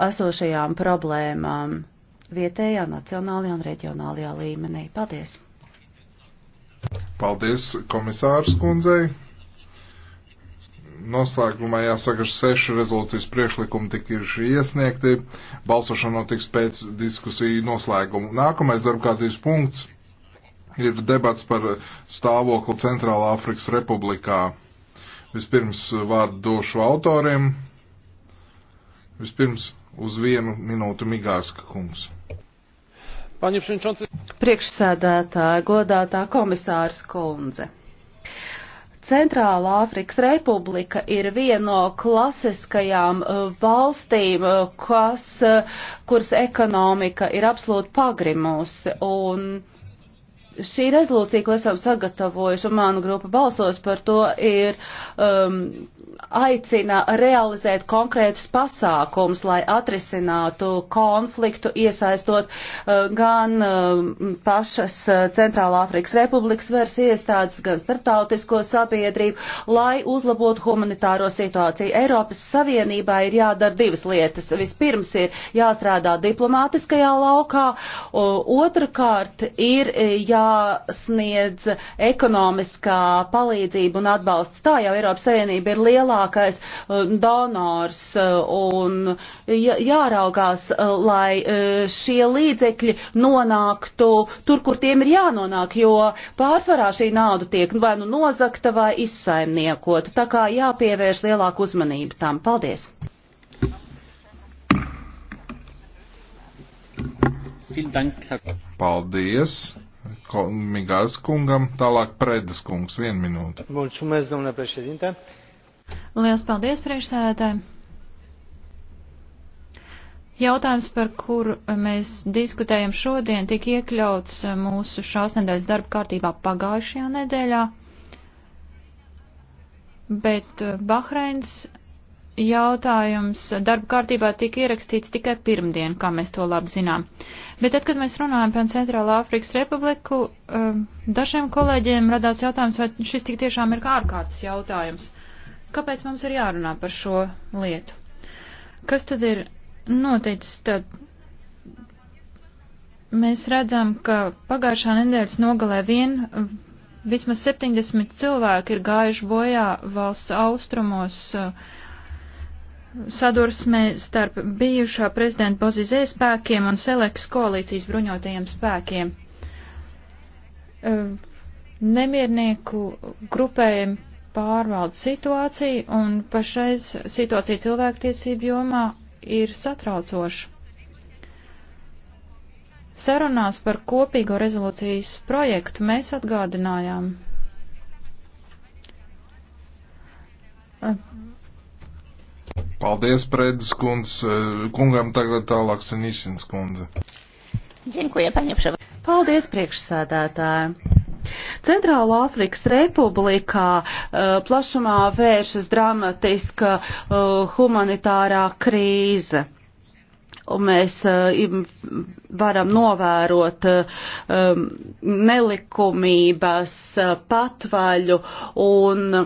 esošajām problēmām vietējā, nacionālajā un reģionālajā līmenī. Paldies! Paldies komisārs kundzei! Noslēgumā jāsaka, ka seši rezolūcijas priekšlikumi tik ir iesniegti. Balsošana notiks pēc diskusiju noslēguma. Nākamais darbkārtības punkts ir debats par stāvokli Centrālā Afrikas Republikā. Vispirms vārdu došu autoriem. Vispirms Uz vienu minūtu Migāska kungs. Priekšsēdētāja, godātā komisārs kundze. Centrāla Āfrikas Republika ir viena no klasiskajām uh, valstīm, uh, kas, uh, kuras ekonomika ir absolūti pagrimusi. Un Šī rezolūcija, ko esam sagatavojuši, un mānu grupa balsos par to, ir um, aicina realizēt konkrētus pasākums, lai atrisinātu konfliktu, iesaistot uh, gan uh, pašas uh, Centrālā Afrikas Republikas vers iestādes, gan starptautisko sabiedrību, lai uzlabotu humanitāro situāciju. Eiropas Savienībā ir jādara divas lietas. Vispirms ir jāstrādā diplomātiskajā laukā, uh, otrkārt ir jā jāsniedz ekonomiskā palīdzība un atbalsts. Tā jau Eiropas Savienība ir lielākais uh, donors uh, un jāraugās, uh, lai šie līdzekļi nonāktu tur, kur tiem ir jānonāk, jo pārsvarā šī nauda tiek vai nu nozakta vai izsaimniekota. Tā kā jāpievērš lielāku uzmanību tam. Paldies! Paldies! Migaz kungam, tālāk Predes kungs, vienu minūtu. Mulțumesc, domnule președinte. Lielas paldies, priekšsēdētāji. Jautājums, par kuru mēs diskutējam šodien, tika iekļauts mūsu šās nedēļas darba kārtībā pagājušajā nedēļā, bet Bahreins jautājums darba kārtībā tika ierakstīts tikai pirmdien, kā mēs to labi zinām. Bet tad, kad mēs runājam par Centrālā Afrikas Republiku, um, dažiem kolēģiem radās jautājums, vai šis tik tiešām ir kā ārkārtas jautājums. Kāpēc mums ir jārunā par šo lietu? Kas tad ir noticis? Tad mēs redzam, ka pagājušā nedēļas nogalē vien vismaz 70 cilvēki ir gājuši bojā valsts austrumos. Uh, sadursmē starp bijušā prezidenta Bozizē spēkiem un Seleks koalīcijas bruņotajiem spēkiem. Eh, nemiernieku grupējiem pārvalda situāciju un pašreiz situācija cilvēktiesību jomā ir satraucoša. Sarunās par kopīgo rezolūcijas projektu mēs atgādinājām Paldies, Predes kundz. Kungam tagad tālāk Sanīsins kundze. Dziękuję, panie przewodniczący. Paldies, priekšsādātāji. Centrāla Afrikas Republikā uh, plašumā vēršas dramatiska uh, humanitārā krīze. Un mēs uh, varam novērot um, nelikumības, patvaļu un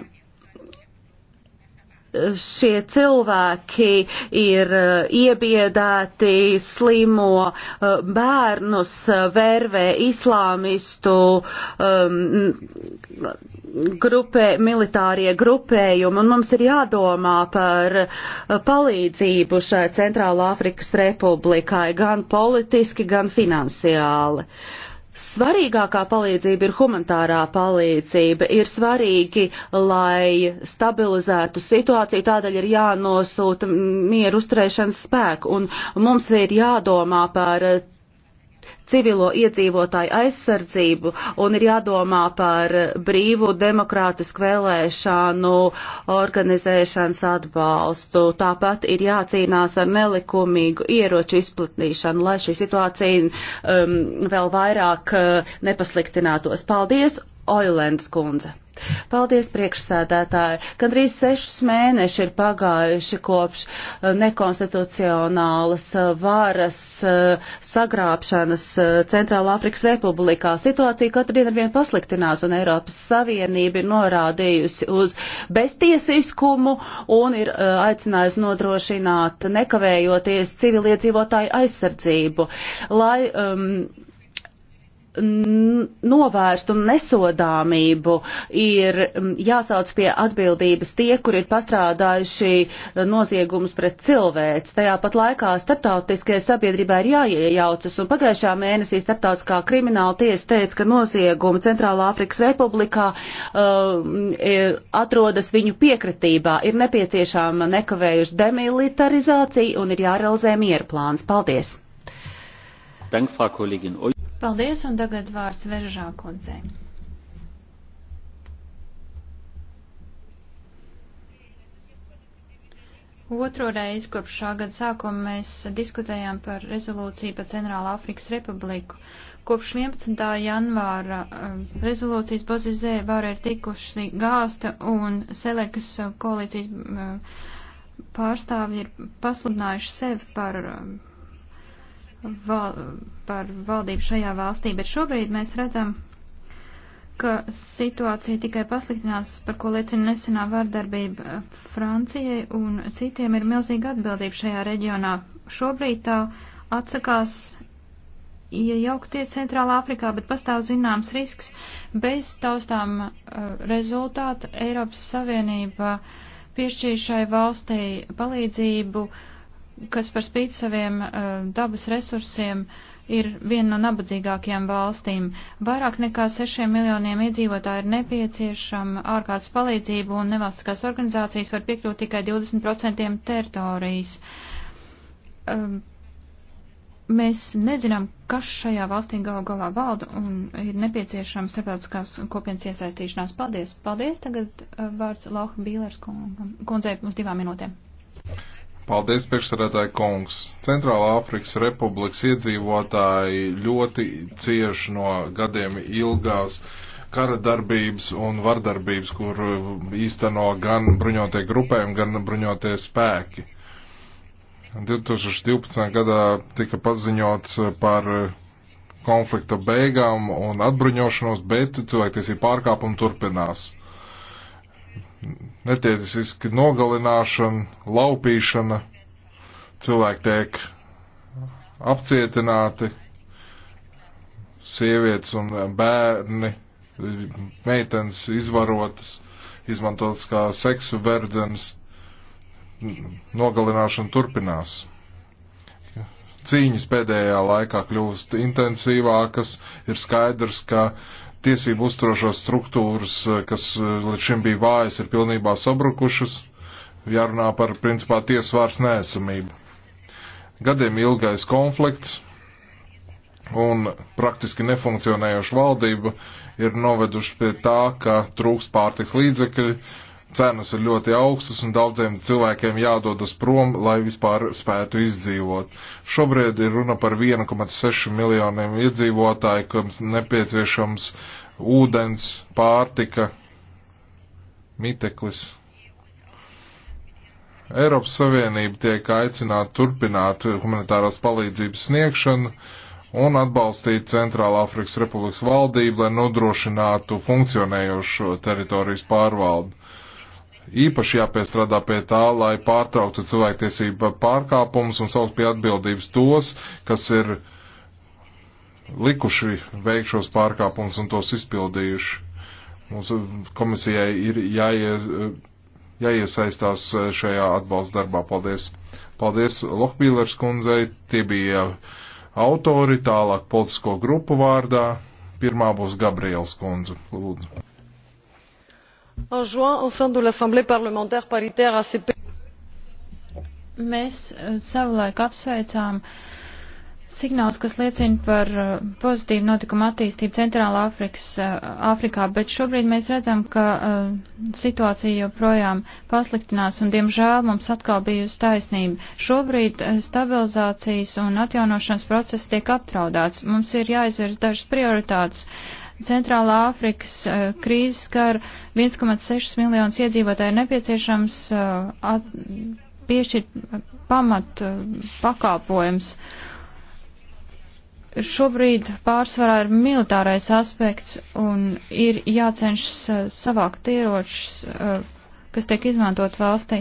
šie cilvēki ir e, iebiedēti, slimo e, bērnus, e, vērvē islāmistu um, grupē, militārie grupējumi, un mums ir jādomā par palīdzību šai Centrālā Afrikas Republikai gan politiski, gan finansiāli. Uh, Svarīgākā palīdzība ir humanitārā palīdzība. Ir svarīgi, lai stabilizētu situāciju, tādēļ ir jānosūta mieru uzturēšanas spēku, un mums ir jādomā par civilo iedzīvotāju aizsardzību un ir jādomā par brīvu demokrātisku vēlēšanu organizēšanas atbalstu. Tāpat ir jācīnās ar nelikumīgu ieroču izplatīšanu, lai šī situācija um, vēl vairāk uh, nepasliktinātos. Paldies, Oilens kundze! Paldies, priekšsēdētāji. Gan arī sešus mēnešus ir pagājuši kopš uh, nekonstitucionālas uh, varas uh, sagrābšanas Centrāla Afrikas Republikā. Situācija katru dienu arvien pasliktinās, un Eiropas Savienība ir norādījusi uz beztiesiskumu un ir aicinājusi nodrošināt nekavējoties civiliedzīvotāju aizsardzību. Lai, um, novērstu nesodāmību, ir mm, jāsauc pie atbildības tie, kur ir pastrādājuši eh, noziegums pret cilvēks. Tajā pat laikā starptautiskajai sabiedrībai ir jāiejaucas, un pagājušā mēnesī starptautiskā krimināla tiesa teica, ka noziegumi Centrālā Afrikas Republikā uh, atrodas viņu piekritībā. Ir nepieciešama nekavējuša demilitarizācija un ir jārealizē mierplāns. Paldies! Dank, Frau Kollegin. Paldies, un tagad vārds Veržā kundzei. Otro reizi kopš šā gada sākuma mēs diskutējām par rezolūciju par Centrālā Afrikas Republiku. Kopš 11. janvāra um, rezolūcijas pozizē vāra ir tikuši gāsta un Selekas koalīcijas um, pārstāvji ir pasludinājuši sevi par um, val, par valdību šajā valstī, bet šobrīd mēs redzam, ka situācija tikai pasliktinās, par ko liecina nesenā vārdarbība Francijai un citiem ir milzīga atbildība šajā reģionā. Šobrīd tā atsakās iejaukties Centrālā Afrikā, bet pastāv zināms risks. Bez taustām uh, rezultātu Eiropas Savienība piešķīr šai valstī palīdzību uh, kas par spīti saviem uh, dabas resursiem ir viena no nabadzīgākajām valstīm. Vairāk nekā 6 miljoniem iedzīvotāji ir nepieciešama ārkārtas palīdzība un nevalstiskās organizācijas var piekļūt tikai 20% teritorijas. Um, mēs nezinām, kas šajā valstī gal galā valda un ir nepieciešama starptautiskās kopienas iesaistīšanās. Paldies! Paldies! Tagad uh, vārds Lauha Bīlers kundzei uz divām minūtēm. Paldies, priekšsarētāji kungs. Centrālā Afrikas Republikas iedzīvotāji ļoti cieši no gadiem ilgās kara darbības un vardarbības, kur īsteno gan bruņotie grupējumi, gan bruņotie spēki. 2012. gadā tika paziņots par konflikta beigām un atbruņošanos, bet cilvēktiesība pārkāpuma turpinās netiesiski nogalināšana, laupīšana, cilvēki tiek apcietināti, sievietes un bērni, meitenes izvarotas, izmantotas kā seksu verdzenes, nogalināšana turpinās cīņas pēdējā laikā kļūst intensīvākas, ir skaidrs, ka tiesību uzturošās struktūras, eh, kas eh, līdz šim bija vājas, ir pilnībā sabrukušas, jārunā par principā tiesvārs nēsamību. Gadiem ilgais konflikts un praktiski nefunkcionējoša valdība ir noveduši pie tā, ka trūks pārtiks līdzekļi, cenas ir ļoti augstas un daudziem cilvēkiem jādodas prom, lai vispār spētu izdzīvot. Šobrīd ir runa par 1,6 miljoniem iedzīvotāju, kam nepieciešams ūdens, pārtika, miteklis. Eiropas Savienība tiek aicināta turpināt humanitārās palīdzības sniegšanu un atbalstīt Centrāla Afrikas Republikas valdību, lai nodrošinātu funkcionējošo teritorijas pārvaldu īpaši jāpiestrādā pie tā, lai pārtrauktu cilvēktiesību pārkāpumus un saukt pie atbildības tos, kas ir likuši veikšos pārkāpumus un tos izpildījuši. Mūsu komisijai ir jāie, jāiesaistās šajā atbalsta darbā. Paldies! Paldies Lohbīlers kundzei, tie bija autori, tālāk politisko grupu vārdā. Pirmā būs Gabriels kundze. Lūdzu en juin au sein de l'assemblée parlementaire paritaire acp mēs eh, savulaik apsveicām signāls, kas liecina par eh, pozitīvu notikumu attīstību Centrālā Afrikas, Afrikā, eh, bet šobrīd mēs redzam, ka situācija joprojām pasliktinās un, diemžēl, mums atkal bijusi taisnība. Šobrīd stabilizācijas un atjaunošanas process tiek aptraudāts. Mums ir jāizvirs dažas prioritātes. Uh, Centrālā Āfrikas eh, krīzes skar 1,6 miljonus iedzīvotāju nepieciešams eh, at, piešķirt eh, pamat pakāpojums. Šobrīd pārsvarā ir militārais aspekts un ir jācenšas savākt ieročus, kas tiek izmantot valstī.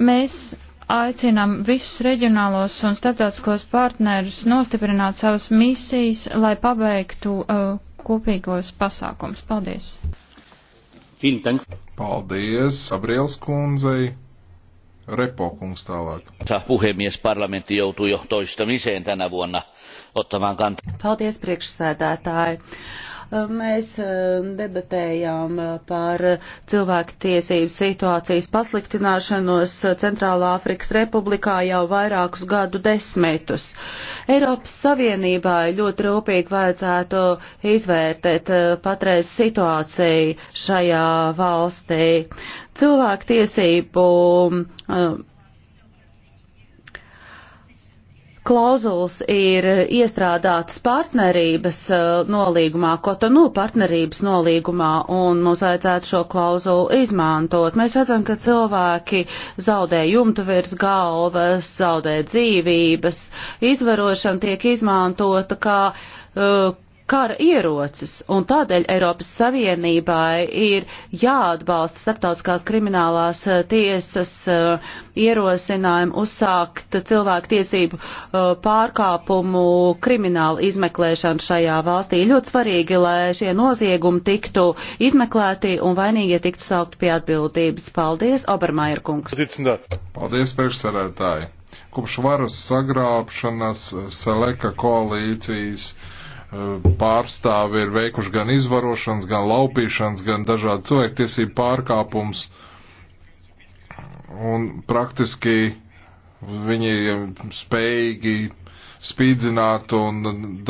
Mēs aicinām visus reģionālos un starptautiskos partnerus nostiprināt savas misijas, lai pabeigtu uh, kopīgos pasākums. Paldies! Paldies, Abriels kundzei! Repokungs tālāk. Puhemies parlamentti joutui jo toistamiseen tänä vuonna ottamaan kantaa. Paldies, priekšsēdētāji! Mēs eh, debatējām eh, par cilvēku tiesību situācijas pasliktināšanos eh, Centrālā Afrikas Republikā jau vairākus gadu desmitus. Eiropas Savienībai ļoti rūpīgi vajadzētu izvērtēt patreiz situāciju šajā valstī. Cilvēku tiesību um, klauzulas ir iestrādātas partnerības eh, nolīgumā, kotonu partnerības nolīgumā, un mums vajadzētu šo klauzulu izmantot. Mēs redzam, ka cilvēki zaudē jumtu virs galvas, zaudē dzīvības, izvarošana tiek izmantota kā uh, kara ierocis, un tādēļ Eiropas Savienībai ir jāatbalsta starptautiskās kriminālās eh, tiesas eh, ierosinājumu uzsākt cilvēku tiesību eh, pārkāpumu kriminālu izmeklēšanu šajā valstī. Ir ļoti svarīgi, lai šie noziegumi tiktu izmeklēti un vainīgie tiktu saukt pie atbildības. Paldies, Obermaier kungs. Paldies, priekšsarētāji. Kopš varas sagrābšanas Seleka koalīcijas Eh, pārstāvi ir veikuši gan izvarošanas, gan laupīšanas, gan dažādu cilvēktiesību pārkāpums. Un praktiski viņi spējīgi spīdzināt un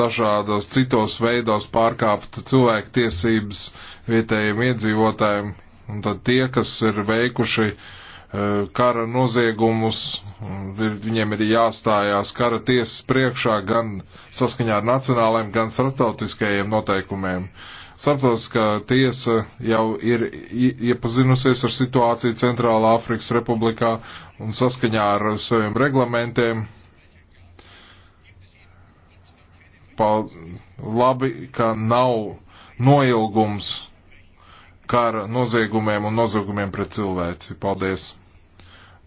dažādos citos veidos pārkāpt cilvēktiesības vietējiem iedzīvotājiem. Un tad tie, kas ir veikuši uh, Eh, kara noziegumus, viņiem ir jāstājās kara tiesas priekšā gan saskaņā ar nacionālajiem, gan starptautiskajiem noteikumiem. Starptautiskā tiesa jau ir iepazinusies ar situāciju Centrālā Afrikas Republikā un saskaņā ar saviem reglamentiem. Pa, labi, ka nav noilgums kara noziegumiem un noziegumiem pret cilvēci. Paldies!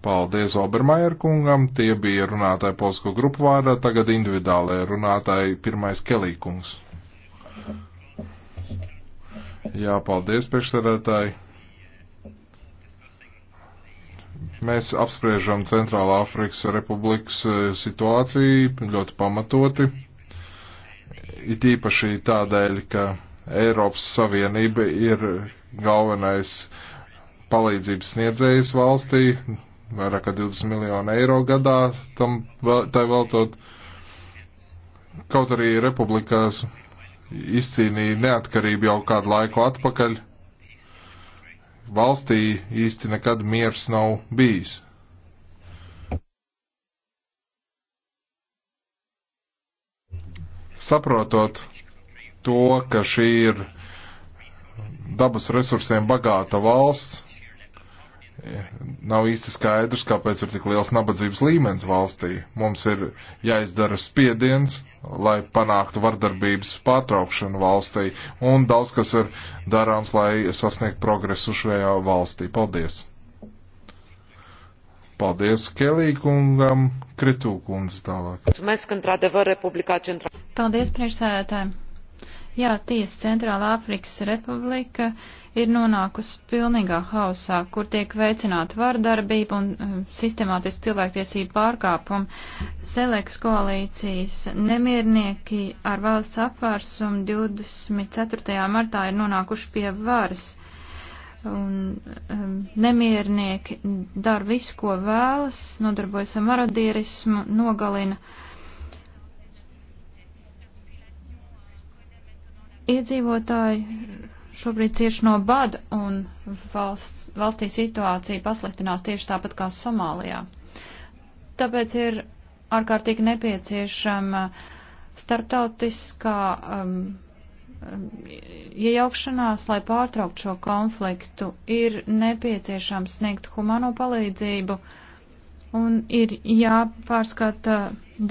Paldies Obermajer kungam, tie bija runātāji polsko grupu vārdā, tagad individuālajai runātāji pirmais Kelīkungs. Jā, paldies priekšsēdētāji. Mēs apspriežam Centrālā Afrikas Republikas eh, situāciju ļoti pamatoti. It īpaši tādēļ, ka Eiropas Savienība ir galvenais palīdzības sniedzējs valstī, vairāk kā 20 miljonu eiro gadā tam vēl, tai veltot. Kaut arī republikās izcīnīja neatkarību jau kādu laiku atpakaļ, valstī īsti nekad miers nav bijis. Saprotot to, ka šī ir dabas resursiem bagāta valsts, nav īsti skaidrs, kāpēc ir tik liels nabadzības līmenis valstī. Mums ir jāizdara spiediens, lai panāktu vardarbības pārtraukšanu valstī, un daudz kas ir darāms, lai sasniegtu progresu šajā valstī. Paldies! Paldies Kelīkungam, Kritūkundze tālāk. Paldies, priekšsēdētāji! Jā, tiesa Centrāla Afrikas Republika ir nonākusi pilnīgā hausā, kur tiek veicināta vardarbība un uh, sistemātiski cilvēktiesību pārkāpumi. Seleks koalīcijas nemiernieki ar valsts apvērsumu 24. martā ir nonākuši pie varas. Un um, nemiernieki dara visu, ko vēlas, nodarbojas ar marodierismu, nogalina uh, Iedzīvotāji šobrīd cieši no bada un valsts, valstī situācija pasliktinās tieši tāpat kā Somālijā. Tāpēc ir ārkārtīgi nepieciešama starptautiskā um, um, iejaukšanās, lai pārtraukt šo konfliktu, ir nepieciešams sniegt humano palīdzību un ir jāpārskata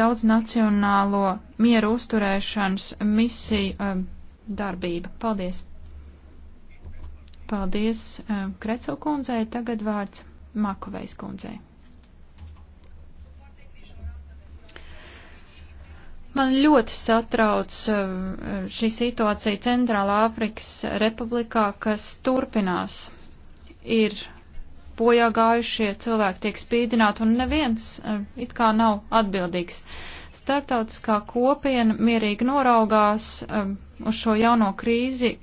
daudz nacionālo mieru uzturēšanas misiju. Um, darbība. Paldies! Paldies eh, Kreco kundzei, tagad vārds Makovejs kundzei. Man ļoti satrauc eh, šī situācija Centrālā Āfrikas Republikā, kas turpinās. Ir bojā gājušie cilvēki tiek spīdzināti un neviens eh, it kā nav atbildīgs. Startautiskā kopiena mierīgi noraugās, uz šo jauno krīzi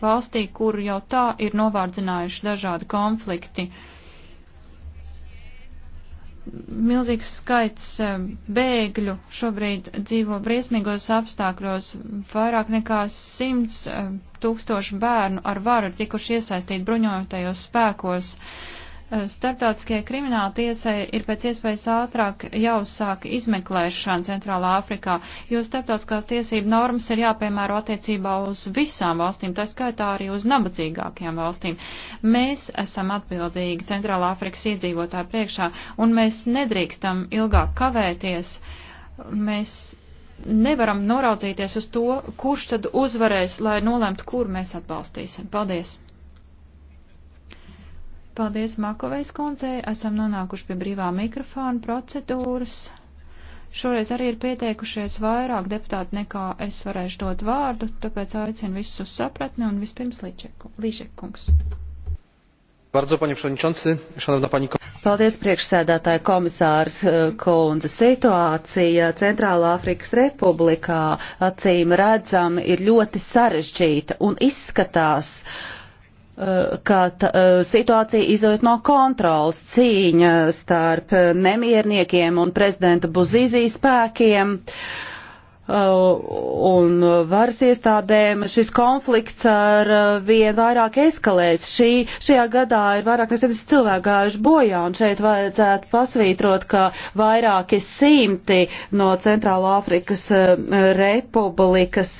valstī, kur jau tā ir novārdzinājuši dažādi konflikti. Milzīgs skaits eh, bēgļu šobrīd dzīvo briesmīgos apstākļos. Vairāk nekā simts eh, tūkstoši bērnu ar varu ir tikuši iesaistīti bruņotajos spēkos. Uh, Eh, Startautiskajai krimināla tiesai ir pēc iespējas ātrāk jāuzsāk izmeklēšana Centrālā Afrikā, jo starptautiskās tiesību normas ir jāpiemēro attiecībā uz visām valstīm, tā skaitā arī uz nabadzīgākajām valstīm. Mēs esam atbildīgi Centrālā Afrikas iedzīvotāju priekšā, un mēs nedrīkstam ilgāk kavēties. Mēs nevaram noraudzīties uz to, kurš tad uzvarēs, lai nolemtu, kur mēs atbalstīsim. Paldies! Paldies Makovejs kundzei. Esam nonākuši pie brīvā mikrofona procedūras. Šoreiz arī ir pieteikušies vairāk deputāti nekā es varēšu dot vārdu, tāpēc aicinu visus uz sapratni un vispirms Līžekungs. Bardzo, panie przewodniczący, szanowna pani Paldies, priekšsēdētāja komisārs eh, Kunze. Situācija Centrālā Afrikas Republikā acīm redzam ir ļoti sarežģīta un izskatās, uh, Eh, ka tā, eh, situācija izjūt no kontrolas cīņa starp eh, nemierniekiem un prezidenta Buzīzī spēkiem un varas iestādēm šis konflikts ar vien vairāk eskalēs. Šī, šajā gadā ir vairāk nekā 70 cilvēku gājuši bojā, un šeit vajadzētu pasvītrot, ka vairāki simti no Centrāla Afrikas Republikas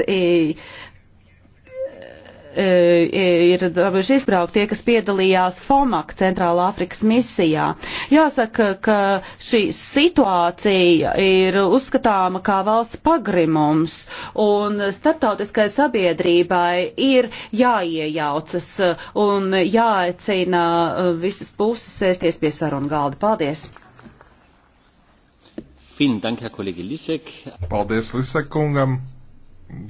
E, e, ir bijuši izbraukt tie, kas piedalījās FOMAK Centrālā Afrikas misijā. Jāsaka, ka šī situācija ir uzskatāma kā valsts pagrimums, un starptautiskai sabiedrībai ir jāiejaucas un jāaicina visas puses sēsties pie sarunu galda. Paldies! Paldies Lisek kungam.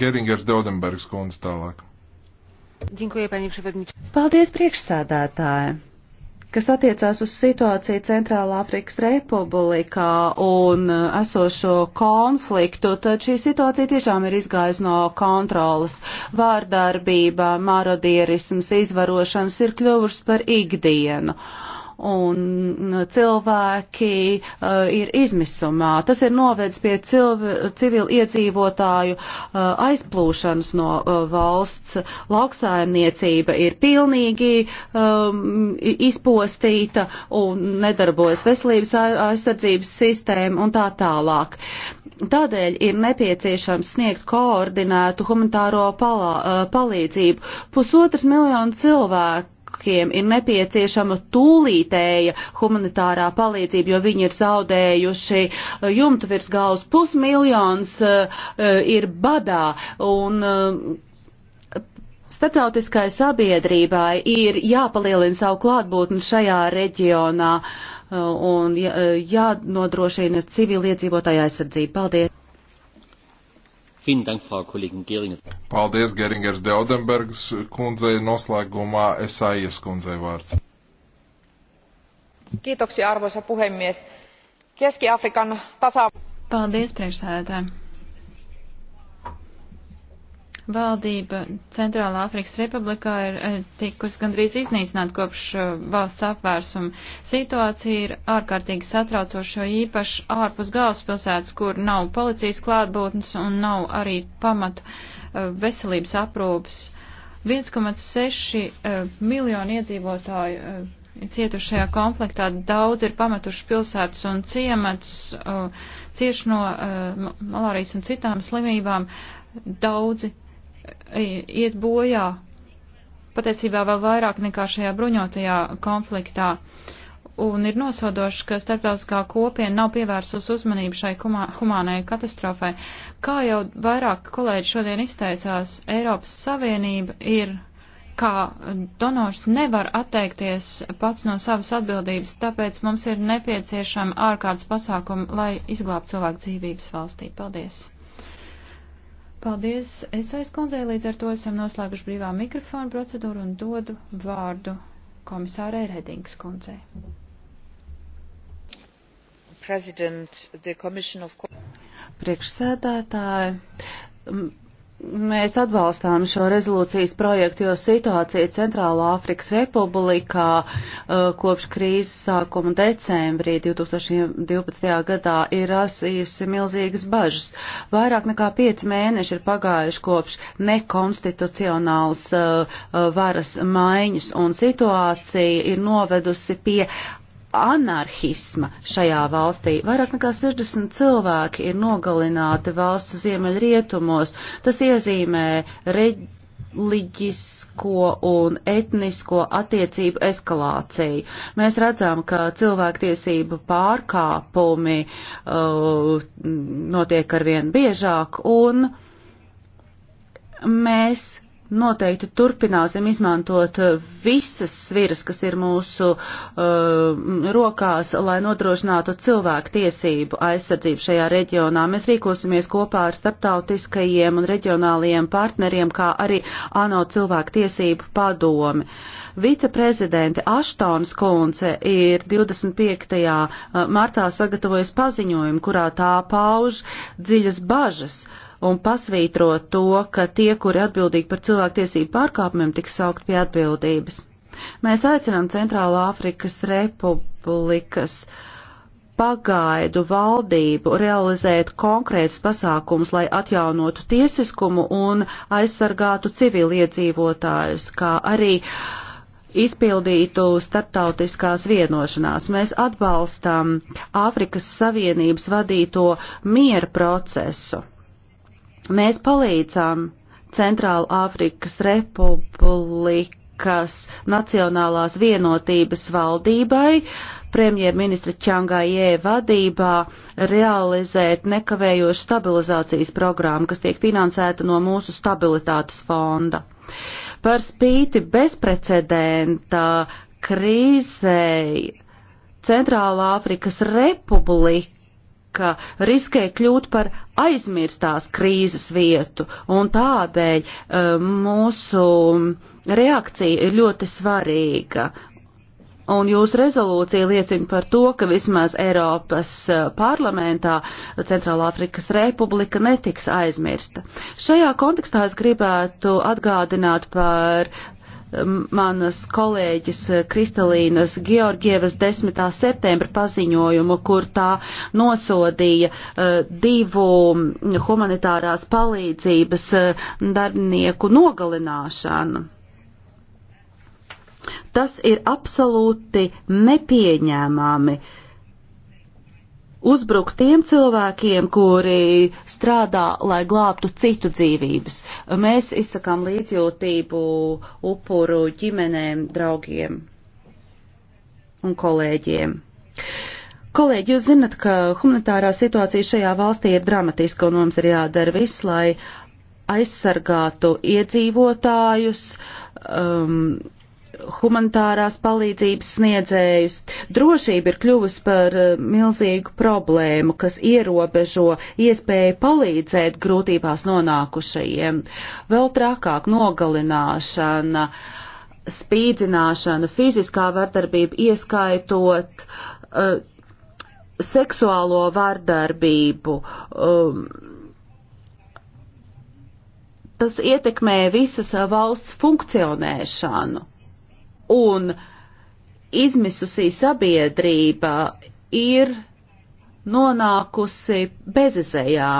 Geringers Dodenbergs kundze tālāk. Paldies priekšsēdētāji! kas attiecās uz situāciju Centrālā Afrikas Republikā un uh, esošo konfliktu, tad šī situācija tiešām ir izgājusi no kontrolas. Vārdarbība, marodierisms, izvarošanas ir kļuvušas par ikdienu. Uh, un cilvēki uh, ir izmisumā. Tas ir novedis pie civilu iedzīvotāju uh, aizplūšanas no uh, valsts. Lauksaimniecība ir pilnīgi um, izpostīta un nedarbojas veselības aizsardzības sistēma un tā tālāk. Tādēļ ir nepieciešams sniegt koordinētu humanitāro palā, uh, palīdzību. Pusotras miljonu cilvēku cilvēkiem ir nepieciešama tūlītēja humanitārā palīdzība, jo viņi ir zaudējuši eh, jumtu virs galvas pusmiljons eh, ir badā. Un, eh, Startautiskai sabiedrībai ir jāpalielina savu klātbūtni šajā reģionā un jā, jānodrošina civiliedzīvotāja aizsardzība. Paldies! Paldies, Geringers Deodenbergs kundzei, noslēgumā Esaies kundzei vārds. Kiitoksia, arvoisa puhemies. Keski-Afrikan tasa... Paldies, priekšsēdētāji. Valdība Centrālā Afrikas Republikā ir eh, tikus gandrīz iznīcināta kopš eh, valsts apvērsuma. Situācija ir ārkārtīgi satraucoša, jo īpaši ārpus galvaspilsētas, kur nav policijas klātbūtnes un nav arī pamatu eh, veselības aprūpas. 1,6 miljonu iedzīvotāju cietuši šajā konfliktā. Daudz ir pametuši pilsētas un ciematus, uh, cieši no uh, malārijas un citām slimībām. Daudzi iet bojā patiesībā vēl vairāk nekā šajā bruņotajā konfliktā. Un ir nosodoši, ka starptautiskā kopiena nav pievērsus uzmanību šai humā, humānai katastrofai. Kā jau vairāk kolēģi šodien izteicās, Eiropas Savienība ir kā donors nevar atteikties pats no savas atbildības, tāpēc mums ir nepieciešama ārkārtas pasākuma, lai izglābtu cilvēku dzīvības valstī. Paldies! Paldies, Esais kundzei, līdz ar to esam noslēguši brīvā mikrofona procedūru un dodu vārdu komisārai Redings kundzei. President, the Commission of... Priekšsēdētāji, Mēs atbalstām šo rezolūcijas projektu, jo situācija Centrālā Afrikas Republikā uh, kopš krīzes sākuma decembrī 2012. gadā ir rasījusi milzīgas bažas. Vairāk nekā pieci mēneši ir pagājuši kopš nekonstitucionāls uh, uh, varas maiņas, un situācija ir novedusi pie anarhisma šajā valstī. Vairāk nekā 60 cilvēki ir nogalināti valsts ziemeļrietumos. Tas iezīmē reliģisko un etnisko attiecību eskalāciju. Mēs redzam, ka cilvēktiesību pārkāpumi uh, notiek arvien biežāk un mēs noteikti turpināsim izmantot uh, visas sviras, kas ir mūsu uh, rokās, lai nodrošinātu cilvēku tiesību aizsardzību šajā reģionā. Mēs rīkosimies kopā ar starptautiskajiem un reģionālajiem partneriem, kā arī ANO cilvēku tiesību padomi. Viceprezidente Aštons Kunce ir 25. Uh, martā sagatavojusi paziņojumu, kurā tā pauž dziļas bažas uh, un pasvītrot to, ka tie, kuri atbildīgi par cilvēktiesību pārkāpumiem, tiks saukt pie atbildības. Mēs aicinām Centrālā Afrikas Republikas pagaidu valdību realizēt konkrētus pasākumus, lai atjaunotu tiesiskumu un aizsargātu civiliedzīvotājus, kā arī izpildītu starptautiskās vienošanās. Mēs atbalstam Āfrikas Savienības vadīto miera procesu Mēs palīdzām Centrāla Āfrikas Republikas Nacionālās vienotības valdībai premjerministra Čangājē vadībā realizēt nekavējošu stabilizācijas programmu, kas tiek finansēta no mūsu stabilitātes fonda. Par spīti bezprecedenta krīzei Centrālā Afrikas Republika ka riskē kļūt par aizmirstās krīzes vietu, un tādēļ um, mūsu reakcija ir ļoti svarīga. Un jūsu rezolūcija liecina par to, ka vismaz Eiropas uh, parlamentā Centrālā Afrikas Republika netiks aizmirsta. Šajā kontekstā es gribētu atgādināt par manas kolēģis eh, Kristalīnas Georgievas 10. septembra paziņojumu, kur tā nosodīja eh, divu humanitārās palīdzības eh, darbinieku nogalināšanu. Tas ir absolūti nepieņēmami. Uh, uzbrukt tiem cilvēkiem, kuri strādā, lai glābtu citu dzīvības. Mēs izsakām līdzjūtību upuru ģimenēm, draugiem un kolēģiem. Kolēģi, jūs zinat, ka humanitārā situācija šajā valstī ir dramatiska un mums ir jādara viss, lai aizsargātu iedzīvotājus, um, humanitārās palīdzības sniedzējus. Drošība ir kļuvusi par eh, milzīgu problēmu, kas ierobežo iespēju palīdzēt grūtībās nonākušajiem. Vēl trakāk nogalināšana, spīdzināšana, fiziskā vardarbība, ieskaitot uh, seksuālo vardarbību. Um, tas ietekmē visas valsts funkcionēšanu un izmisusī sabiedrība ir nonākusi bezizējā.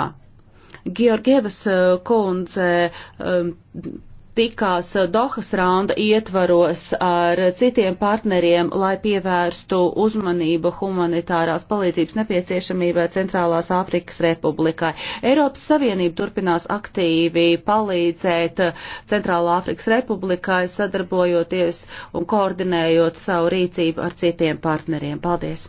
Georgievas eh, kundze um, tikās eh, Dohas raunda ietvaros ar citiem partneriem, lai pievērstu uzmanību humanitārās palīdzības nepieciešamībai Centrālās Āfrikas Republikai. Eiropas Savienība turpinās aktīvi palīdzēt eh, Centrālā Āfrikas Republikai, sadarbojoties un koordinējot savu rīcību ar citiem partneriem. Paldies!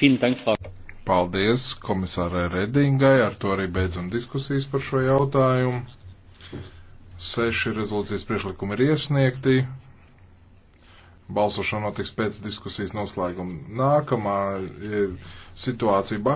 Vielen Dank, Frau. Paldies komisārai Redingai, ar to arī beidzam diskusijas par šo jautājumu. Seši rezolūcijas priešlikumi ir iesniegti. Balsošana notiks pēc diskusijas noslēguma. Nākamā ir situācija Bahā.